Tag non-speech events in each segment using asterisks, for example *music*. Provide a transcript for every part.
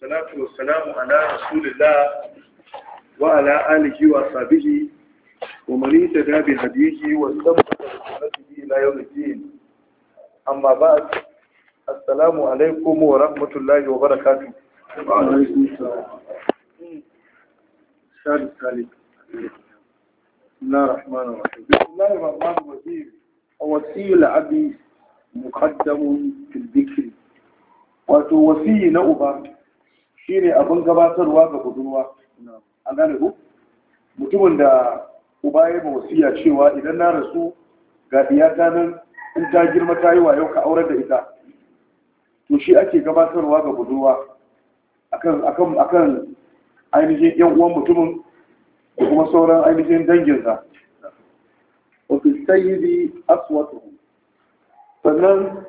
salatu wassalamu ala rasulillah wa ala alihi wa wa hadihi wa amma assalamu alaikum wa rahmatullahi wa wa alaikum wasiyi na uba shi ne abin gabatarwa ga budurwa a gane ku mutumin da uba ya ba wasiya cewa idan na rasu ga iyata nan in ta girma ta yi wayo ka aurar da ita to shi ake gabatarwa ga budurwa akan akan akan ainihin yan uwan mutumin da kuma sauran ainihin danginsa ta yi sayyidi aswatuhu sannan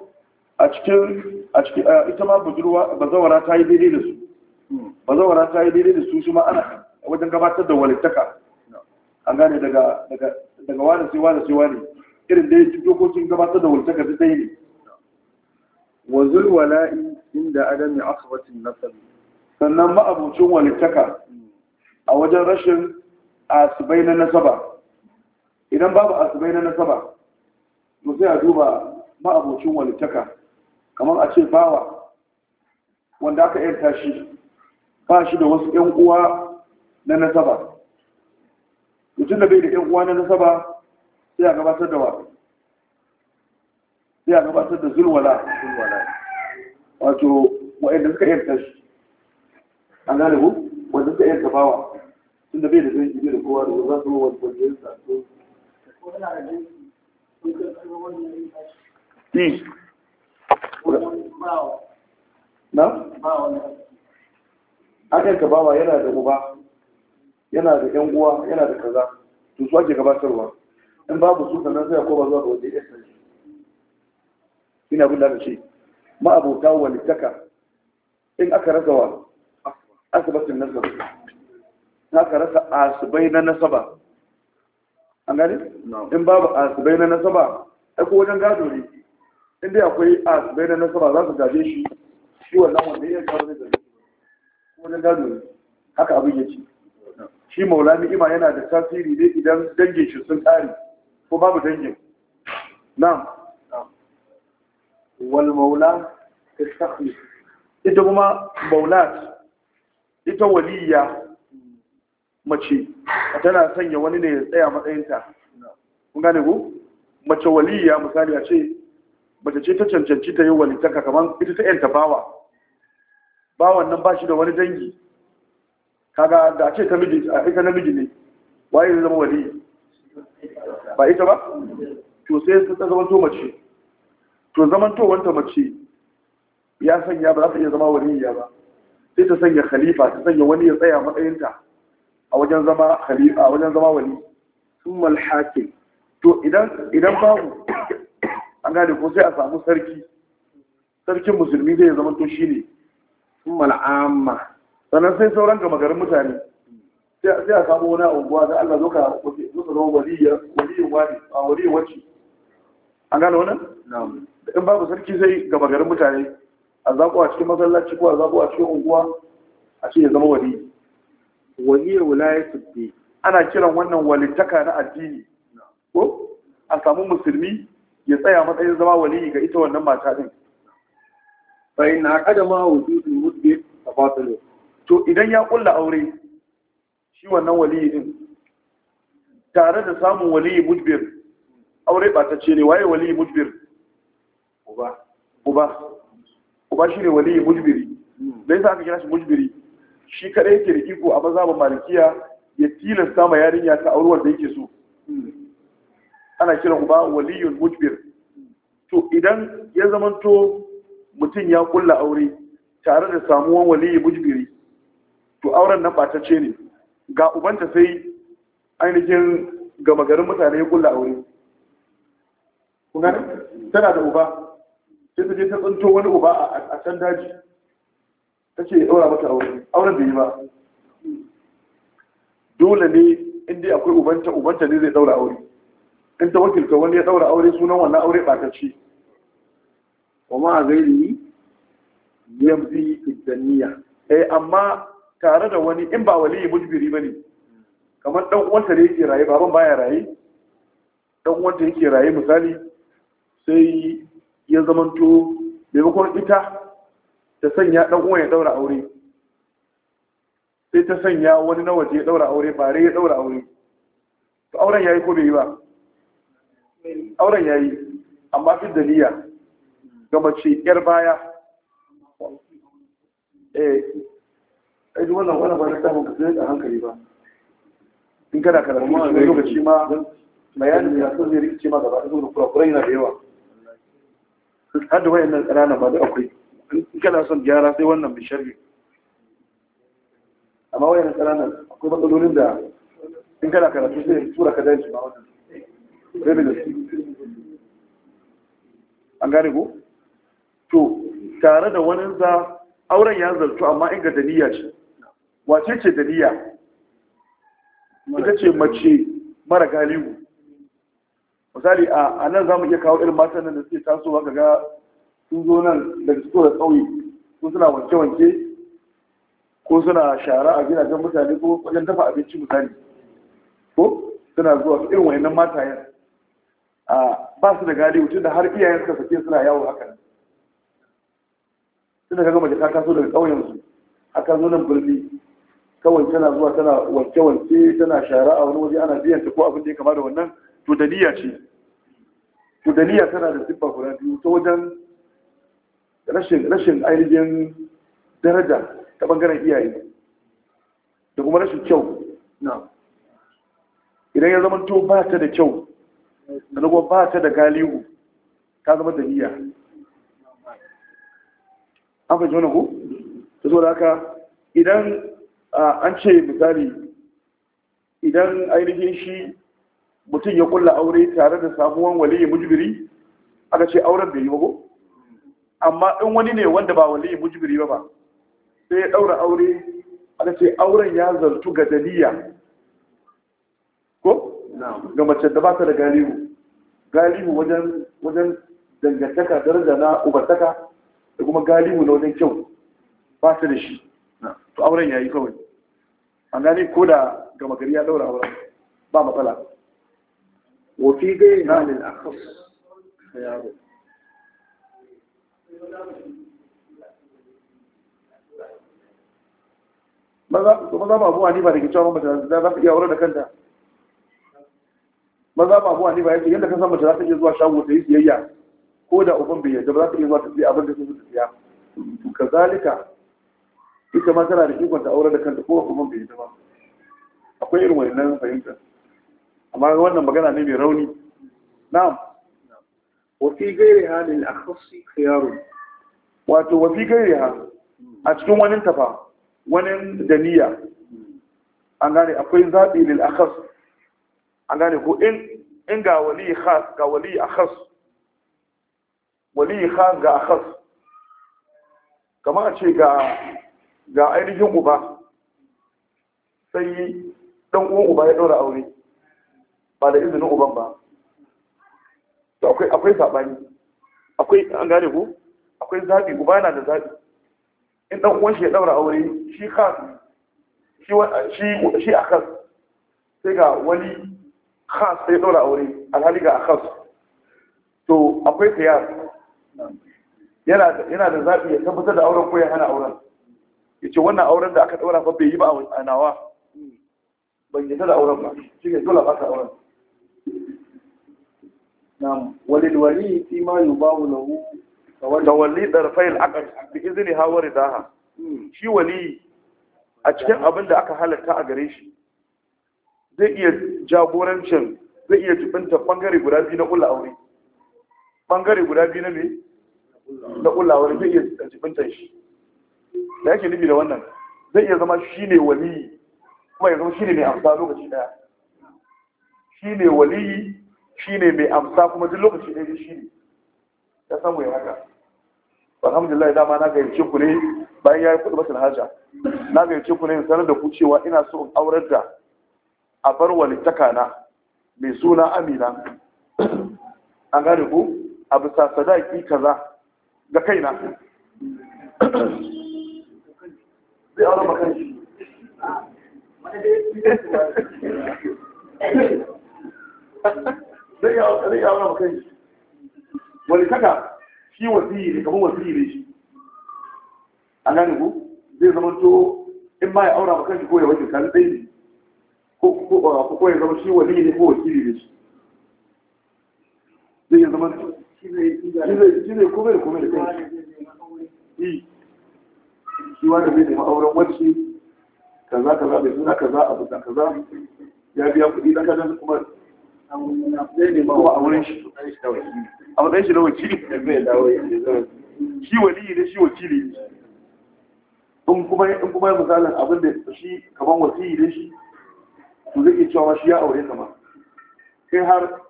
a cikin ita ma budurwa bazawara ta yi daidai da su bazawara ta yi daidai da su shi ma ana wajen gabatar da walittaka an gane daga wani sai wani sai wani irin dai dokokin gabatar da walittaka su dai ne wa zulwala'i inda adami asibatin nasar sannan ma'abucin walittaka a wajen rashin asibai na nasaba idan babu asibai na nasaba to sai a duba ma'abucin walittaka kamar a ce bawa wanda aka yanta shi ba shi da wasu ‘yan uwa na nasaba mutum da bai da ‘yan uwa na nasaba sai a gabatar da wa sai a gabatar da zulwala wato wa'yanda suka yarda shi an gane ku wanda suka yarda bawa tun da bai da zai jibi da kowa da za su yi wani kwanciyar sa to hmm. na? akan ka bawa yana da uba yana da yan uwa yana da kaza to su ake gabatarwa in babu su sannan sai ko ba zuwa ga wanda ya sani ina bin da ce ma abota taka in aka rasa wa asibatin nasaba in aka rasa asibai na nasaba an gani in babu asibai na nasaba ai ko wajen gado ne in dai akwai asibai na nasaba za su gaje shi shi wannan wanda ya gado ne da Wajen na gado haka abin yake shi maula ni'ima yana da tasiri ne idan dangin shi sun tsari ko babu dangin na'am wal maula tastakhlis ita kuma maulat ita waliya mace tana sanya wani ne ya tsaya matsayinta kun gane ku mace waliya misali a ce mace ce ta cancanci ta yi walitaka kamar ita ta yanta bawa ba wannan ba shi da wani dangi kaga da ce ta miji a ita namiji ne waye zai zama wali ba ita ba to sai ta zama to mace to zaman to wanta mace ya sanya ba za ta iya zama ya ba sai ta sanya khalifa ta sanya wani ya tsaya matsayinta a wajen zama khalifa a wajen zama wali kuma al-hakim to idan idan babu an gane ko sai a samu sarki sarkin musulmi zai zama to shine summal amma sannan sai sauran gama garin mutane sai a samu wani unguwa da Allah zo ka zo ka zama waliyar waliyin wani a waliyin wacce an gano wannan Da in babu sarki sai gama garin mutane a zaƙo a cikin masallaci ko a zaƙo a cikin unguwa a ce ya zama wali waliyar wilayar sabbi ana kiran wannan walittaka na addini ko a samu musulmi ya tsaya matsayin zama wali ga ita wannan mata din fa in aqada ma wujudu tafatilu to idan ya kulla aure shi wannan waliyi din tare da samun waliyi mudbir aure ba ta ce ne waye waliyi mudbir uba uba uba shi ne waliyi mudbiri dai yasa aka kira shi mudbiri shi kadai yake da iko a mazhabin malikiya ya tilasta ma yarinya ta aure wanda yake so ana kira uba waliyun mudbir to idan ya zamanto mutum ya kulla aure tare da samuwan waliyi mujbiri to auren nan batacce ne ga ubanta sai ainihin gama garin mutane ya kulla aure kuma tana da uba sai ta je ta tsinto wani uba a can daji ta ce ya ɗaura mata aure auren da yi ba dole ne inda akwai ubanta ubanta ne zai ɗaura aure in ta wakilta wani ya ɗaura aure sunan wannan aure ɓatacce wa ma a gairi yamzi fidaniya eh amma tare da wani in ba waliyi mujbiri bane kamar dan uwanta da yake raye baban baya raye dan uwanta yake raye misali sai ya zamanto maimakon ita ta sanya dan uwan ya daura aure sai ta sanya wani na waje ya daura aure bare ya daura aure to auren yayi ko bai yi ba auren yayi amma fi daliya ga mace yar baya eh ai wannan wannan ba ta mun kace a hankali ba in kana karatu wani lokaci ma bayanin ya so zai rikice ma gaba ɗaya kurakurai yana da yawa har da wayannan ƙananan ba da akwai in kana son gyara sai wannan bisharri amma wayannan ƙananan akwai matsalolin da in kana karatu sai tura ka dace ma wannan rabi da an gane ko to tare da wani za auren ya zartu amma inga daniya ce wace ce daniya ita ce mace mara galibu misali a nan za mu iya kawo irin matan nan da suke tasowa ga ga sun zo nan da su da tsauye ko suna wanke-wanke ko suna shara a gidajen mutane ko wajen dafa abinci misali ko suna zuwa su irin wayannan matayen a ba su da galibu tun da har iyayen suka sake suna yawo haka suna kaga mace ta taso daga ƙauyen su aka zo nan birni kawai tana zuwa tana wanke-wanke tana shara a wani waje ana biyan ta ko abin da ya kama da wannan to daliya ce to daliya tana da siffa guda biyu ta wajen rashin rashin ainihin daraja ta bangaren iyaye da kuma rashin kyau na idan ya zama to ba ta da kyau da kuma ba ta da galihu ta zama daliya an fahimci wani ku? ta zo da haka idan an ce misali idan ainihin shi mutum ya kulla aure tare da samuwan waliyin mujibiri aka ce auren bai yi ba ko amma in wani ne wanda ba waliyin mujibiri ba ba sai ya daura aure aka ce auren ya zartu ga daliya ko ga mace da ba ta da galihu galihu wajen dangantaka daraja na ubartaka da kuma galibu na wajen kyau ba su da shi to auren ya yi kawai an gane ko da gama gari ya daura auren ba matsala wafi gai na alil akas da yaro maza ba abuwa ni ba da ke cewa mace za ta iya aure da kanta maza ba abuwa ni ba yake yadda kan san mace za ta iya zuwa shago ta yi siyayya ko da uban bai yarda za ta iya zuwa ta siya abin da su siya to kazalika ita ma tana da ikon ta aure da kanta ko uban bai yarda ba akwai irin wannan fahimtar amma wannan magana ne mai rauni na'am wa fi gairi ha lil akhassi khiyarun wato wa fi gairi ha a cikin wani tafa wani daniya an gane akwai zaɓi lil akhas an gane ko in ga wali khas ga wali akhas Wali khan ga akhas kamar ce ga ga ainihin uba sai dan uwan uba ya dora aure ba da izinin uban ba to akwai akwai sabani akwai an gane ku akwai zabi uba yana da zabi in dan uwan shi ya daura aure shi khan shi shi shi akhas sai ga wali khas sai dora aure alhali ga akhas to akwai tayar yana da zaɓi ya tabbatar da auren ko ya hana auren ya ce wannan auren da aka ɗaura ba bai yi ba a nawa ban yi da auren ba shi ne dole ba ta auren na'am walil wali fi ma yubahu lahu tawalli darfai a aqd bi izini hawari daha hmm. shi wali a cikin abin da aka halatta a gare shi zai iya jagorancin zai iya jibinta bangare guda biyu na kula aure bangare guda biyu na mai na kullawar zai iya jibintan shi da yake nufi da wannan zai iya zama shi ne waliyi kuma ya zama shi ne mai amsa lokaci daya shi ne waliyi shi ne mai amsa kuma duk lokaci daya shi ne ya samu ya haka alhamdulillah dama na gayyace ku ne bayan ya yi kudu masu haja na gayyace ku ne in sanar da ku cewa ina so in aurar da a bar walittaka na mai suna amina an gane ku Abu sa sadaki kaza ga kaina zai aure ba shi wani kaka shi wasiyi ne kamar wasiyi ne shi a gane ku zai zama to in ma ya aura ba shi ko ya wajen kan tsaye ne ko ya zama shi waliyi ne ko wakili ne shi zai zama shi zai kome da kome da kai shi shi wanda zai nemi auren wacce kaza kaza mai suna kaza a da kaza ya biya kuɗi na kaza kuma zai nema wa auren shi a matsayin shi na wakili shi waliyi ne shi wakili ne in kuma in kuma misalin abin da shi kaman wasiyi ne shi to zai iya cewa shi ya aure kama. kai har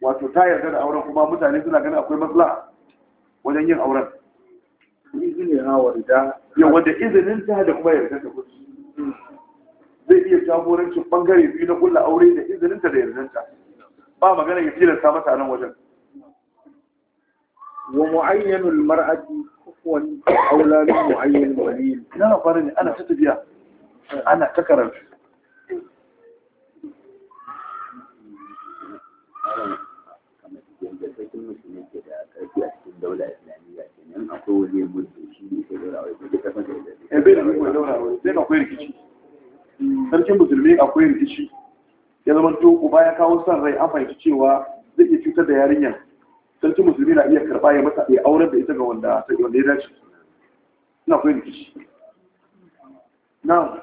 wato ta yarda da auren kuma mutane suna ganin akwai matsala wajen yin auren izini ha warda yawa izinin ta da kuma yarda da kuɗi zai iya jagorancin bangare biyu na kulla aure da izinin ta da yarda. ta ba magana ya tilasta mata nan wajen wa mu'ayyanul mar'ati kufuwan aula min mu'ayyanul waliyyi na fara ne ana ta tafiya ana ta karatu cikin musulmi ke da karfi a cikin daula islamiyya kenan akwai wani mulki shi ne ke daura wai kuma ta fanta da eh bai da mai daura wai sai akwai rikici sarkin musulmi akwai rikici ya zama to uba ya kawo san rai an fahimci cewa zai iya cutar da yarinyar sarkin musulmi na iya karɓa ya masa ya auren da ita ga wanda wanda ya dace ina akwai rikici na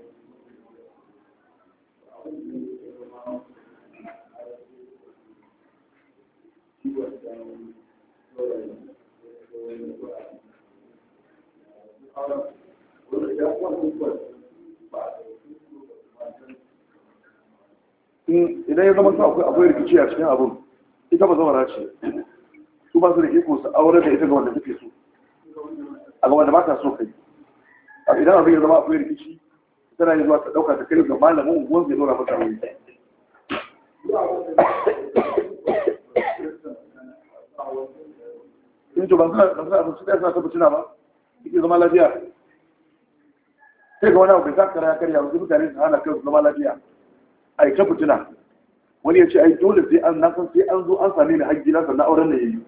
idan ya zama su akwai akwai rikici a cikin abin ita ba zama race su ba su da iko su aure da ita ga wanda suke so a ga wanda ba ta so kai idan abin ya zama akwai rikici tana yi zuwa ta ɗauka ta kai ga malamin unguwan zai zora masa wani sun ce ban san abinci ɗaya suna ta fitina ba suke zama lafiya sai ga wani abu bai sa kara ya karya wasu mutane su hana kai zama lafiya a yi ta fitina wani ya ce ai dole sai an nasan sai an zo an same ni har gida na auren da ya yi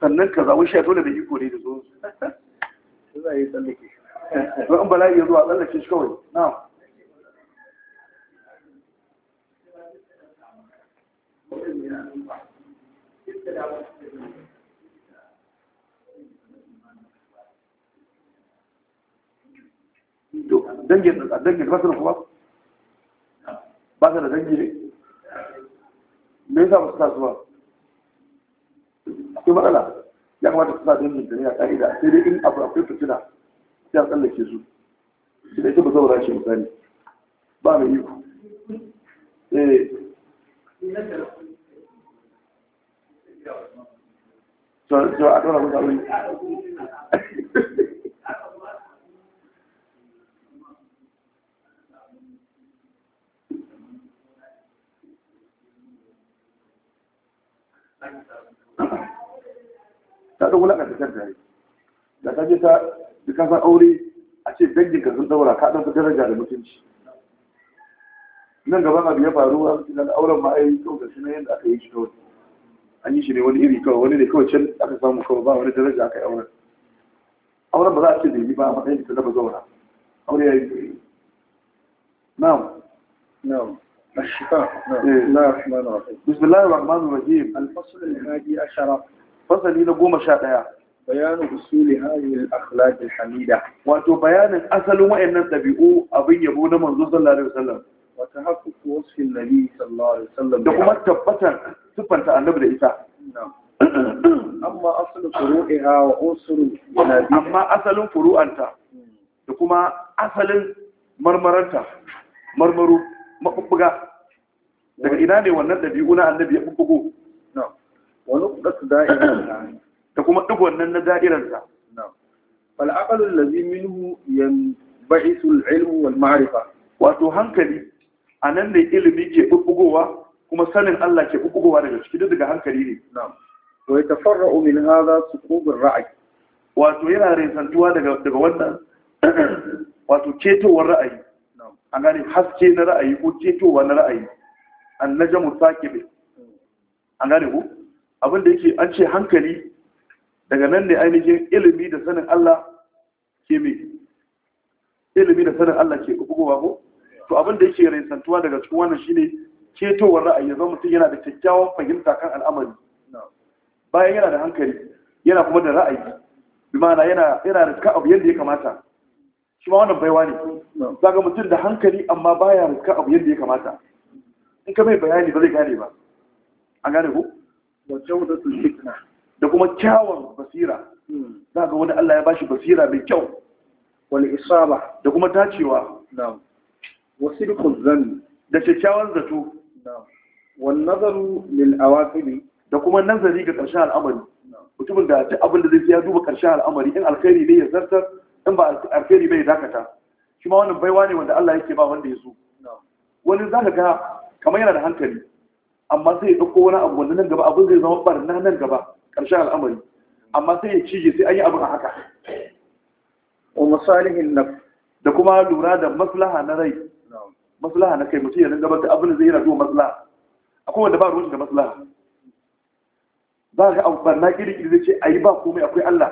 sannan ka zaɓi shi dole da yi kore da zo za a yi tsallake don an bala'i ya zuwa tsallake shi kawai na Thank you. dangin da ba su da kuma ba su da dangi ne me yasa ba su tasowa akwai matsala ya kamata su sa dangin da ne a ka'ida sai dai in abu akwai fitina sai a tsallake su shi da ita ba zaura shi misali ba mai iko eh so so a kawai abin da *laughs* ta da wulakanta da ne da ta je ta da ka san aure a ce danginka sun daura ka ɗan daraja da mutunci nan gaba abu ya faru a cikin auren ma ai kawai ga shi yadda aka yi shi kawai an yi shi ne wani iri kawai wani ne kawai can aka samu kawai ba wani daraja aka yi auren auren ba za a ce da yi ba a matsayin ta zama zaura aure ya yi na'am na'am الشفاء بسم الله الرحمن الرحيم الفصل الحادي عشر fasali na goma sha ɗaya bayanin usuli hanyar akhlaqil hamida wato bayanin asalin wayannan ɗabi'u abin yabo na manzo sallallahu alaihi wasallam wa tahaqquq wasfin nabi sallallahu alaihi wasallam da kuma tabbatar sifanta annabi da ita *clears throat* amma asalin furu'iha wa usuru amma asalin furu'anta da kuma asalin marmaranta marmaru mabubbuga daga ina ne wannan ɗabi'u na annabi ya bubbugo wani kudasu da'irar da kuma duk wannan na da'irarsa fal'aqalu allazi minhu yanba'isu al-ilmu wal ma'rifa wato hankali a nan ne ilimi ke bubbugowa kuma sanin Allah ke bubbugowa daga ciki duk daga hankali ne na'am wa yatafarra'u min hadha su ar ra'ayi. wato yana resantuwa daga daga wannan *clears throat* wato cetowar ra'ayi an gane haske na ra'ayi ko cetowa na ra'ayi an najamu sakibi mm. an gane ku abinda yake an ce hankali daga nan ne ainihin ilimi da sanin Allah ke mai ilimi da sanin Allah ke bugowa ko to abinda yake raisantuwa daga cikin wannan shine ketowar ra'ayi zama mutum yana da kyakkyawan fahimta kan al'amari bayan yana da hankali yana kuma da ra'ayi bi ma'ana yana yana da abu yadda ya kamata shi ma wannan baiwa ne zaga mutum da hankali amma baya ka abu yadda ya kamata in ka mai bayani ba zai gane ba an gane ko. wa jawdatul hikma da kuma kyawun basira za ga wani Allah ya bashi basira mai kyau wal isaba da kuma dacewa na'am wa sidqu zani, da kyakkyawan zato na'am wan nazaru lil awaqib da kuma nazari ga ƙarshen al'amari mutumin da duk abin zai ya duba ƙarshen al'amari in alkhairi ne ya zartar in ba alkhairi bai dakata shi ma wannan baiwa ne wanda Allah yake ba wanda ya so wani za ka ga kamar yana da hankali amma sai ya ɗauko wani abu wanda nan gaba abin zai zama barna nan gaba ƙarshen al'amari amma sai ya cije sai an yi abin a haka wa masalihin na da kuma lura da maslaha na rai maslaha na kai mutum ya ringa da abin zai yi zuwa maslaha akwai wanda ba ruwan da maslaha za ka abu barna kiri zai ce a yi ba komai akwai Allah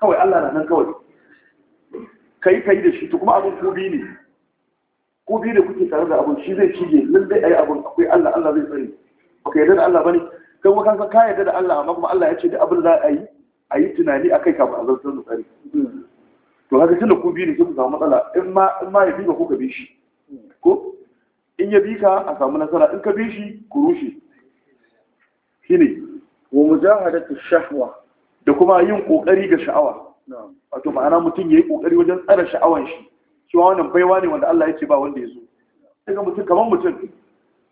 kawai Allah na nan kawai kai kai da shi to kuma abin kubi ne ku biyu da kuke tare da abun shi zai cije lallai ayi abun akwai Allah Allah zai tsare baka yarda da Allah bane kai kuma kanka ka yarda da Allah amma kuma Allah ya ce da abin za a yi a yi tunani akai kafin a zartar da tsare to haka tunda ku biyu ne sai ku samu matsala in ma in ma ya bi ka ko ka bi shi ko in ya bi ka a samu nasara in ka bi shi ku rushe ne? wa mujahadatu shahwa da kuma yin kokari ga sha'awa wato ma'ana mutum ya yi kokari wajen tsare sha'awan shi cewa wannan baiwa ne wanda Allah ya ce ba wanda ya zo daga mutum kamar mutum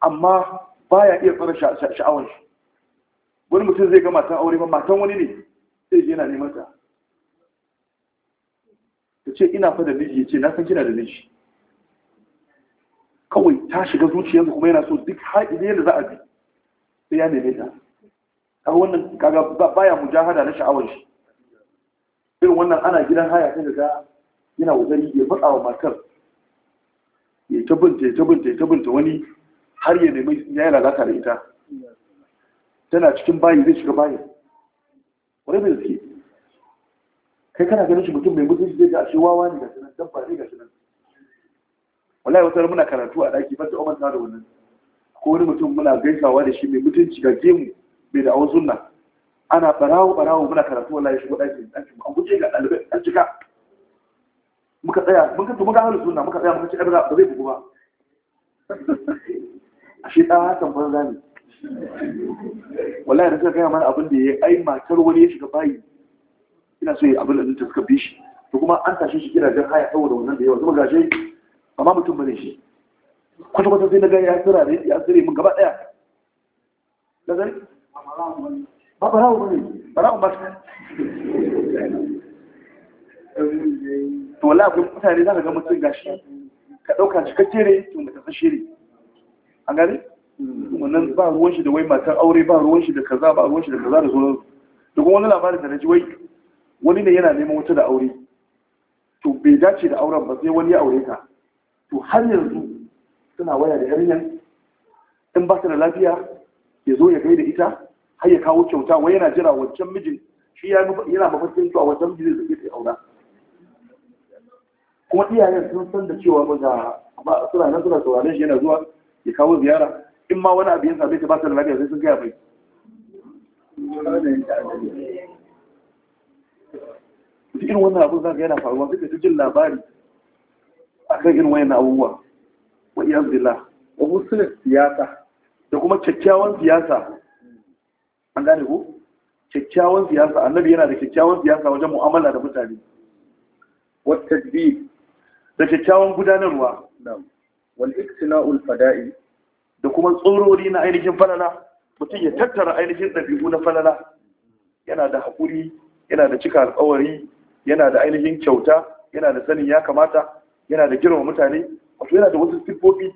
amma baya iya fara sha'awar shi wani mutum zai ga matan aure ba matan wani ne sai je yana neman ta ta ce ina fa da miji ya ce na san kina da miji kawai ta shiga zuciyarsa kuma yana so duk haɗi ne da za a bi sai ya neme ta a wannan kaga baya mujahada na sha'awar shi irin wannan ana gidan haya sai daga yana wajen ya faɗa wa matar ya ta ya ta ya ta wani har ya nemi ya yi lalata da ita tana cikin bayi zai shiga bayi wani mai zai kai kana ganin shi mutum mai mutunci zai ga ashe wawa ne ga shi nan dabba ne ga shi nan wallahi wata muna karatu a daki ban da umar da wannan ko wani mutum muna gaisawa da shi mai mutunci ga gemu mai da awon sunna ana barawo barawo muna karatu wallahi shi daki an guje ga ɗalibai an cika muka tsaya mun kanta muka halu sunna muka tsaya muka ce ai ba zai bugu ba ashe dan hakan ban zani wallahi da suka gaya mana abin da ya ai matar wani ya shiga bayi ina so ya abin da ta suka bi shi to kuma an tashi shi gidajen haya saboda wannan da yawa kuma gashi amma mutum bane shi kwata kwata sai na ga ya tsira ne ya tsire mun gaba daya da zai ba ba ba bane ba rawo ba to wala akwai mutane za ka ga mutum gashi ka ɗauka ka tere to ka kasashe ne an gani? wannan ba ruwan shi da wai matar aure ba ruwan shi da kaza ba ruwan shi da kaza da zuwa da kuma wani labarin da na ji wai wani ne yana neman wata da aure to bai dace da auren ba sai wani ya aure ka. to har yanzu suna waya da yarinyar in ba ta da lafiya ya zo ya gaida ita har ya kawo kyauta wai yana jira wancan mijin shi yana mafarkin a wancan mijin zai zai aura kuma iyayen sun san da cewa ba ga ba suna nan suna sauraron shi yana zuwa ya kawo ziyara in ma wani abu ya same shi ba su da lafiya sai sun gaya mai duk irin wannan abun zaka yana faruwa suka ji jin labari akan irin wayan abubuwa wa iyan zila wa musulun siyasa da kuma kyakkyawan siyasa an gane ku? kyakkyawan siyasa annabi yana da kyakkyawan siyasa wajen mu'amala da mutane wata jibi. da kyakkyawan gudanarwa wal iktina'ul fada'i da kuma tsorori na ainihin falala mutum ya tattara ainihin ɗabi'u na falala yana da haƙuri yana da cika alƙawari yana da ainihin kyauta yana da sanin ya kamata yana da girma mutane wato yana da wasu siffofi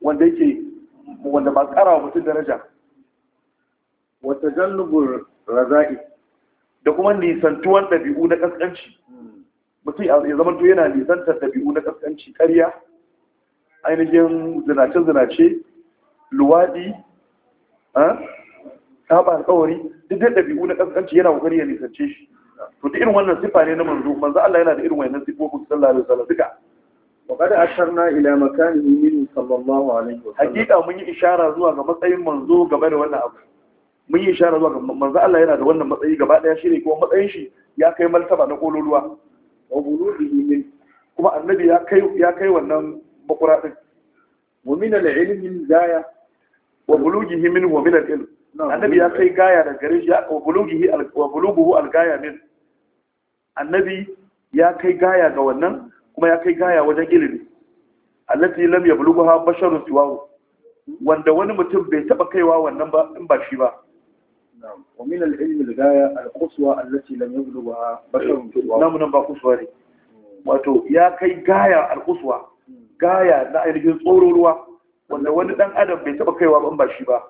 wanda yake wanda ba ƙara wa mutum daraja wata jallubur raza'i da kuma nisantuwan ɗabi'u na ƙasƙanci hmm. mutum ya zama to yana nisantar dabi'u na ƙasƙanci, ƙarya ainihin zinace-zinace luwaɗi saba alƙawari duk da dabi'u na ƙasƙanci yana kokari ya nisance shi to da irin wannan sifa ne na manzo manzo Allah yana da irin wannan sifofin sallallahu alaihi wasallam duka wa qad asharna ila makanihi min sallallahu alaihi wasallam hakika mun yi ishara zuwa ga matsayin manzo gaba da wannan abu mun yi ishara zuwa ga manzo Allah yana da wannan matsayi gaba daya shine kuma matsayin shi ya kai martaba na kololuwa wa bulubihi min kuma annabi ya kai ya kai wannan makura din wa min al-ilmi gaya wa bulugihi min wa min al-ilm annabi ya kai gaya da garin shi wa bulugihi wa buluguhu al-gaya min annabi ya kai gaya ga wannan kuma ya kai gaya wajen ilimi allati lam yablugha basharun siwahu wanda wani mutum bai taba kaiwa wannan ba in ba shi ba ومن العلم الغاية القصوى التي لم يبلغها بشر نعم نعم قصوى wato ya kai gaya alkuswa gaya na ainihin tsoron ruwa wanda wani dan adam bai taɓa kaiwa ban ba shi ba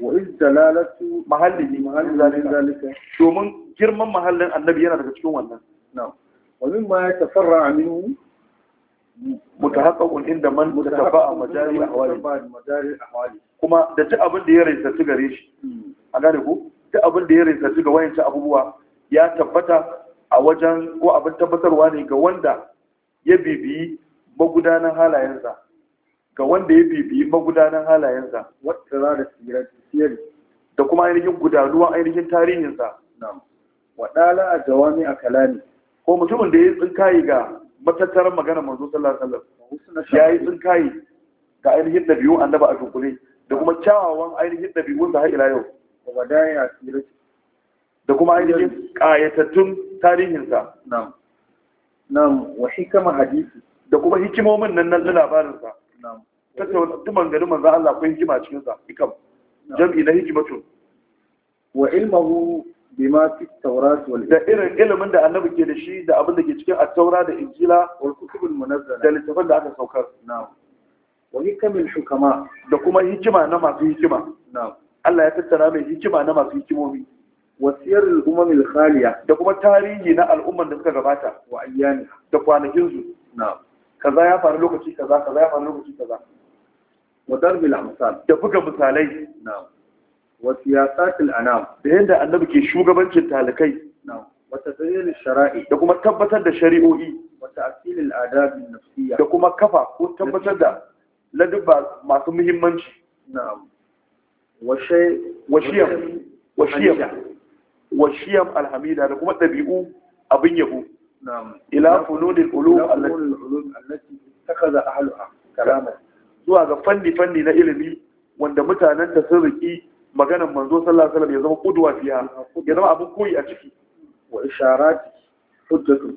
wa iz dalalatu mahallihi mahallin zalika domin girman mahallin annabi yana daga cikin wannan na'am wa mimma a minhu mutahaqqaqun inda man mutatabba'a majari ahwali kuma da ta abin da ya rinsa gare shi hmm. a gane ku Ta abin da ya rinsa ga wayancin abubuwa ya tabbata a wajen ko abin tabbatarwa ne ga wanda ya bibiyi magudanan halayensa ga wanda ya bibiyi magudanan halayensa wata da tsiri da kuma ainihin gudanuwa ainihin tarihinsa waɗala a jawami a kalani ko mutumin da ya yi tsinkayi ga matattarar magana manzo sallallahu alaihi wasallam ya yi tsinkayi ga ainihin ɗabi'un annaba a dunkule da kuma kyawawan ainihin ɗabi'un da har ila yau da kuma ainihin ƙayatattun tarihinsa na'am na'am wa hikama hadisi da kuma hikimomin nan nan labarinsa na'am tattauna duk mangarin za'a Allah ko hikima cikinsa ikam jam'i na hikimatu wa ilmuhu ma fi tawrat wal da irin ilimin da annabi ke da shi da abin da ke cikin at-taura da injila wal kutubul munazzala da littafin da aka saukar wa da kuma hikima na masu hikima na'am Allah ya tattara mai hikima na masu hikimomi wasiyar al'ummar khaliya da kuma tarihi na al'ummar da suka gabata wa ayyani da kwanakin su na kaza ya faru lokaci kaza kaza ya faru lokaci kaza wa darbil amsal da buga misalai na wa siyasatil anam da yadda annabi ke shugabancin talakai na wa tadril shara'i da kuma tabbatar da shari'o'i wa ta'sil al adab nafsiyya da kuma kafa ko tabbatar da ladabba masu muhimmanci na'am washiyam washiyam alhamida da kuma ɗabi'u abin yabo ila fununil ulum allati takaza ahluha kalama zuwa ga fanni fanni na ilimi wanda mutanen ta sun riki maganar manzo sallallahu alaihi wasallam ya zama kudwa fiya ya zama abin koyi a ciki wa isharati hujjatu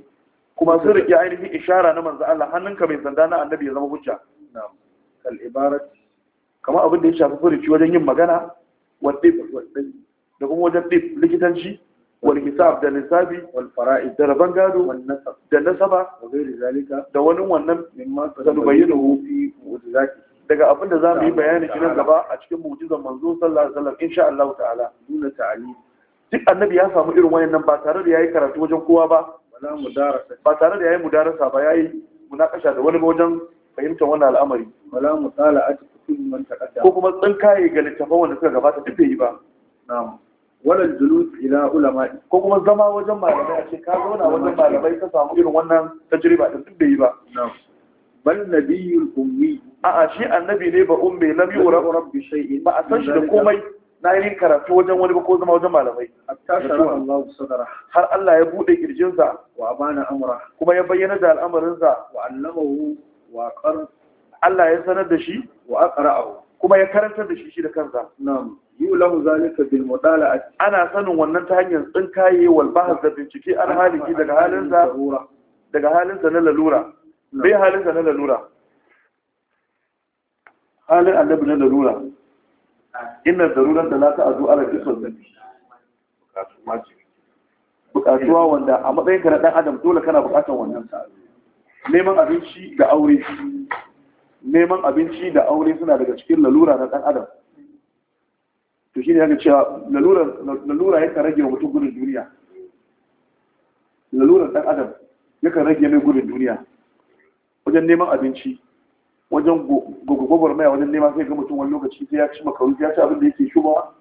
kuma sun riki ainihin ishara na manzo Allah hannunka mai sanda na annabi ya zama hujja na'am kal ibarati kamar abin da ya shafi furuci wajen yin magana da kuma wajen ɗif likitanci wani hisab da lissafi wal fara'id da rabon gado da nasaba da wani wannan da bayyana hufi daga abin da za mu yi bayani shi nan gaba a cikin mu'jizan manzo sallallahu alaihi wasallam insha Allah ta'ala dole ta'ali duk annabi ya samu irin wayannan ba tare da yayi karatu wajen kowa ba ba tare da yayi mudarasa ba yayi munakasha da wani wajen fahimtar wannan al'amari wala mutala'at ko kuma tsinkaye ga littafan wanda suka gabata duk da yi ba walal julus ila ulama ko kuma zama wajen malamai a ce ka zauna wajen malamai ka samu irin wannan tajriba din duk da yi ba bal nabiyul ummi a a shi annabi ne ba ummi lam yura rabbi shay'in ba a san shi da komai na yi karatu wajen wani ba ko zama wajen malamai har Allah ya bude kirjinsa wa amana amra kuma ya bayyana da al'amarinsa wa allamahu wa qar Allah ya sanar da shi wa aqra'ahu kuma ya karantar da shi shi da kansa na'am yulahu zalika bil mudala'a ana sanin wannan ta hanyar tsinkaye wal bahth da bincike an haliki daga halinsa daga halinsa na lalura bai halinsa na lalura halin annabi na lalura inna daruran da la ta'zu ala bisul bukatuwa wanda a matsayin ka na dan adam dole kana bukatan wannan neman abinci da aure neman abinci da aure suna daga cikin lalura na ɗan adam to shi ne haka cewa lalura ya rage wa mutum gudun duniya lalura ɗan adam kan rage mai gudun duniya wajen neman abinci wajen gwagwagwar maya wajen neman sai ga mutum wani lokaci sai ya ci makaru ya ci abin da yake shubawa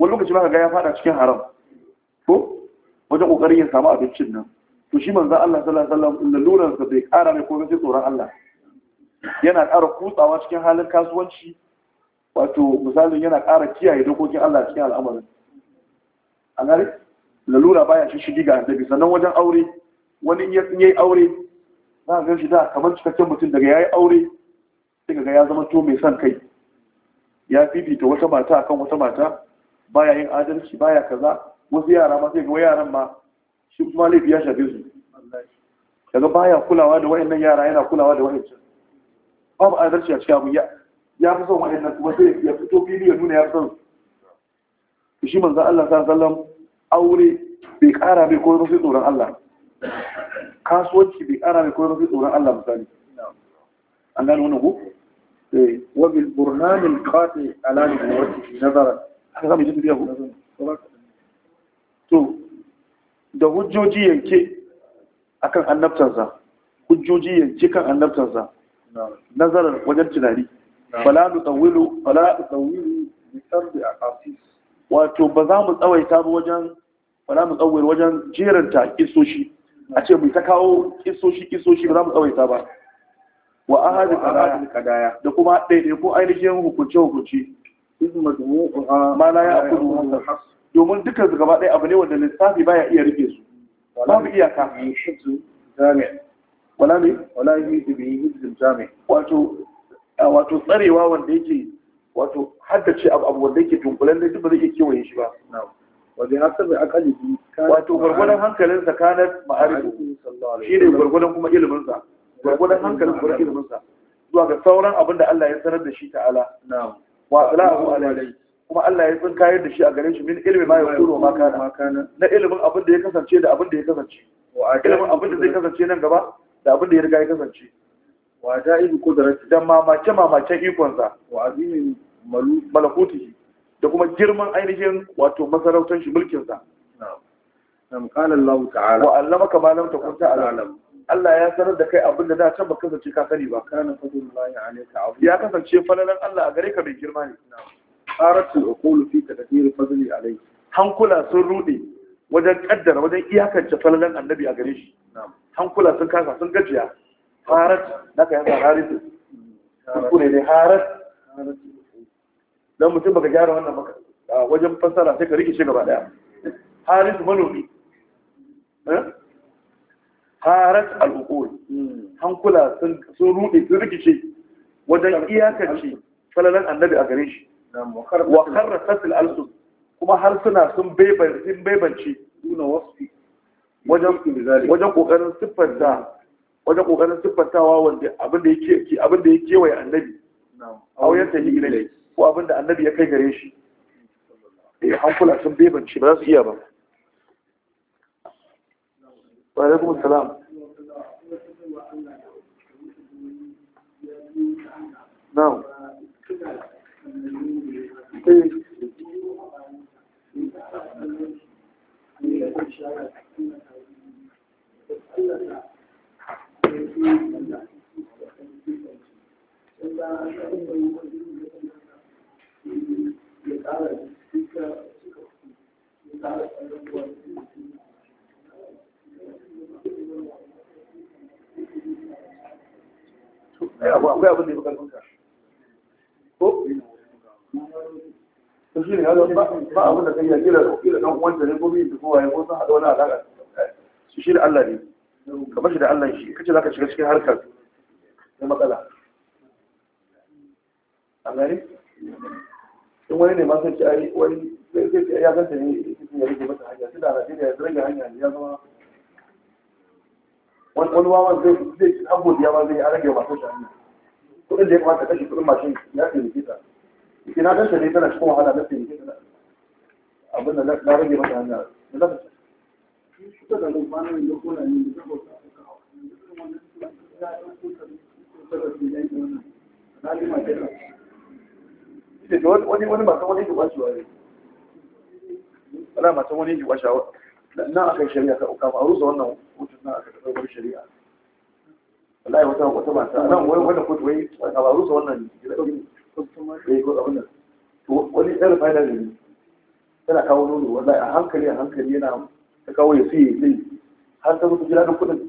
wani lokaci ma ga ya fada cikin haram ko wajen kokarin ya samu abincin nan to shi manzo Allah sallallahu alaihi wasallam lalurar sa bai kara mai ko sai tsoron Allah yana ƙara kutsawa cikin halin kasuwanci wato misalin yana ƙara kiyaye dokokin Allah cikin al'amarin a gari lalura baya shi shigi ga annabi sannan wajen aure wani ya yi aure za a gan shi da kamar cikakken mutum daga ya yi aure sai ga ya zama to mai son kai ya fifita wata mata akan wata mata baya yin adalci baya kaza wasu yara ma sai ga yaran ma shi kuma laifi ya shafe su kaga baya kulawa da wayannan yara yana kulawa da wayancan babu adalci a cikin abin ya fi son wa'annan kuma sai ya fito fili ya nuna ya fi son shi manzo Allah sallallahu alaihi aure bai kara mai koyar sai tsoron Allah kasuwanci bai kara mai koyar sai tsoron Allah misali an gano wannan ku? eh wa bil burhan qati ala nuwati nazaran haka zamu ji tafiya ko to da hujjoji yanke akan annabtansa hujjoji yanke kan annabtansa nazarar wajen tunani fala nutawilu fala nutawilu bi sardi aqasis wato ba za mu tsawaita ba wajen fala mu tsawai wajen jeranta kisoshi a ce mu ta kawo kisoshi kisoshi ba za mu tsawaita ba wa ahadin ahadin kadaya da kuma daidai ko ainihin hukunce hukunce ma la ya akudu domin dukkan su gaba ɗaya abu ne wanda lissafi baya iya rike su babu iyaka wala ne wala yi dubi yi zimzame wato wato tsarewa wanda yake wato haddace abu wanda yake tunkulen da ba zai iya kewaye shi ba wanda ya sabai akali wato gwargwadon hankalin sa kanar ma'arifu shi ne gwargwadon kuma iliminsa, gwargwadon hankalin kuma iliminsa, zuwa ga sauran abin da Allah ya sanar da shi ta'ala wa salahu alaihi kuma Allah ya tsinka yadda da shi a gare shi min ilimin ma ya kuro ma kana na ilimin abin da ya kasance da abin da ya kasance ilimin abin da zai kasance nan gaba da abin da ya riga ya kasance wa ja'ibi qudratihi da mamace mamacen ikonsa wa azimi malakuti da kuma girman ainihin wato masarautar shi mulkin sa nam qala Allah ta'ala wa allama kama lam takun ta'lam Allah ya sanar da kai abin da da can ba kasance ka sani ba kana fadlullahi alayka azim ya kasance falalan Allah a gare ka mai girma ne qaratul aqulu fi taqdir fadli alayhi hankula sun rude wajen kaddara wajen iyakance falalan annabi a gare shi na'am hankula sun kasa sun gajiya harat na ka yanka harit su ne harat don mutum baka gyara wannan maka wajen fassara sai ka rikice gaba daya harit manomi eh? harat al'ukul hankula sun rude sun rikice wajen iyakance falalan annabi a gare shi wa karra tasil alsu kuma harsuna sun bebanci nuna wasu wajen kokarin siffanta wajen kokarin wanda abin da ya abin annabi a ta yi ilai ko abin da annabi ya kai gare shi eh hankula sun bebance ba za su iya ba wa alaikum salam na'am eh. akwai abin ya bukar kuka ko? ta Allah ne da Allah shi kace zaka shiga cikin harkar da matsala an gani in wani ne ma sai ai wani sai sai ya ganta ne ya rike masa hanya sai da Najeriya ya rage hanya ya zama wani wani wawan zai zai abu da yawa zai rage wa masu hanya kudin da ya kamata kashe kudin mashin ya ce likita ina ganta ne tana cikin wahala na ce likita abin da na rage masa hanya da na fita da kwanan da kona ne da saboda wani wani wani ne ana aka yi shari'a ta uka wannan hutun nan aka taɓa wani shari'a wata wata mata nan wani wani wai a wannan wani ɗan fa'ida ne tana kawo nono wallahi a hankali a hankali yana ta kawo ya fiye har ta mutu jiragen kudin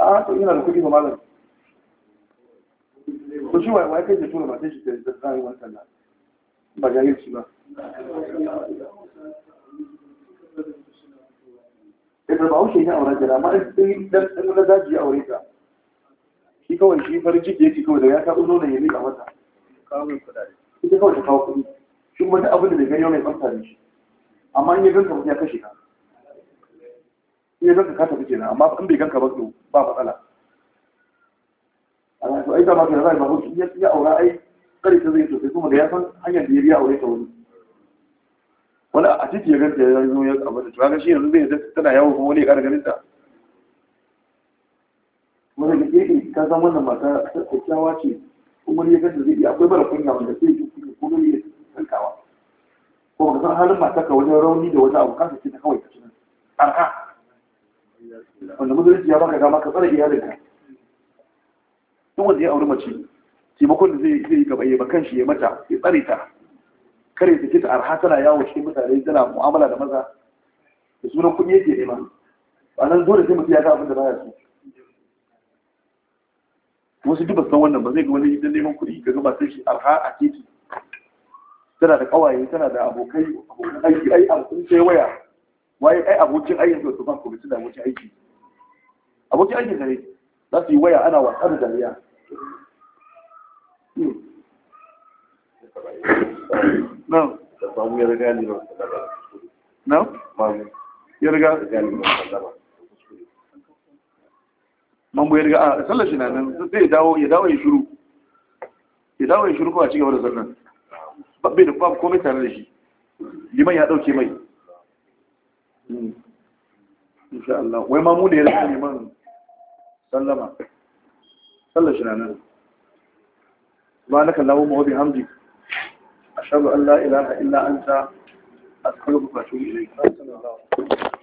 a to ina da kuɗi ba malam ko shi wai wai kai da tura ba sai shi da zai wani sallah ba jahilci ba eh, da ba haushe ya aure jira amma in dan dan daji ya aure ta shi kawai shi farin ciki yake kawai da ya ta uzo da ya mika mata ita kawai ta kawo kuɗi shi kuma duk abin da bai gani mai tsafta da shi amma in ya ganka mutum ya kashe ka ya zaka ka tafi kenan amma in bai ganka ba to ba matsala a to ai da ma kana zai ba ko ya ya aura ai kare ta zai to sai kuma da ya san hanyar da ya biya aure ta wani wani a titi ya ganta ya zo ya abu da to shi yanzu zai tana yawo kuma wani ya kara ganin ta wani da ke ka san wannan mata kyakkyawa ce kuma ya ganta zai iya akwai bara kunya wanda sai ya kunya kuma ne ya tsankawa ko ka san halin mata ka wajen rauni da wani abu kasance ta kawai ta cikin arha wanda musulunci ya baka dama ka tsara iyalinka duk wanda ya auri mace taimakon da zai yi gaba ya ba kanshi ya mata ya tsare ta kare ta kita arha tana yawo cikin mutane tana mu'amala da maza da sunan kuɗi yake nema ba nan dole sai mutum ya ga abin da baya so wasu duk san wannan ba zai ga wani idan neman kuɗi ga gaba sai shi arha a titi tana da ƙawaye tana da abokai abokan aiki ai an kun sai waya waye ai abokin aiki su ban kuma da abokin aiki abokin aikin ne za su yi waya ana wasa da dariya hmm. na ya riga ne na ya riga mambo ya riga a sallar shi na nan zai dawo ya dawo ya shiru ya dawo ya shiru kuma a cigaba da zannan babbe da kuma komai tare da shi liman ya dauke mai Hmm. insha Allah wai ma mu da ya zama neman sallama sallar shi na nan ba na kallawo ma wabi hamdi ashhadu an la ilaha illa anta astaghfiruka wa atubu ilayk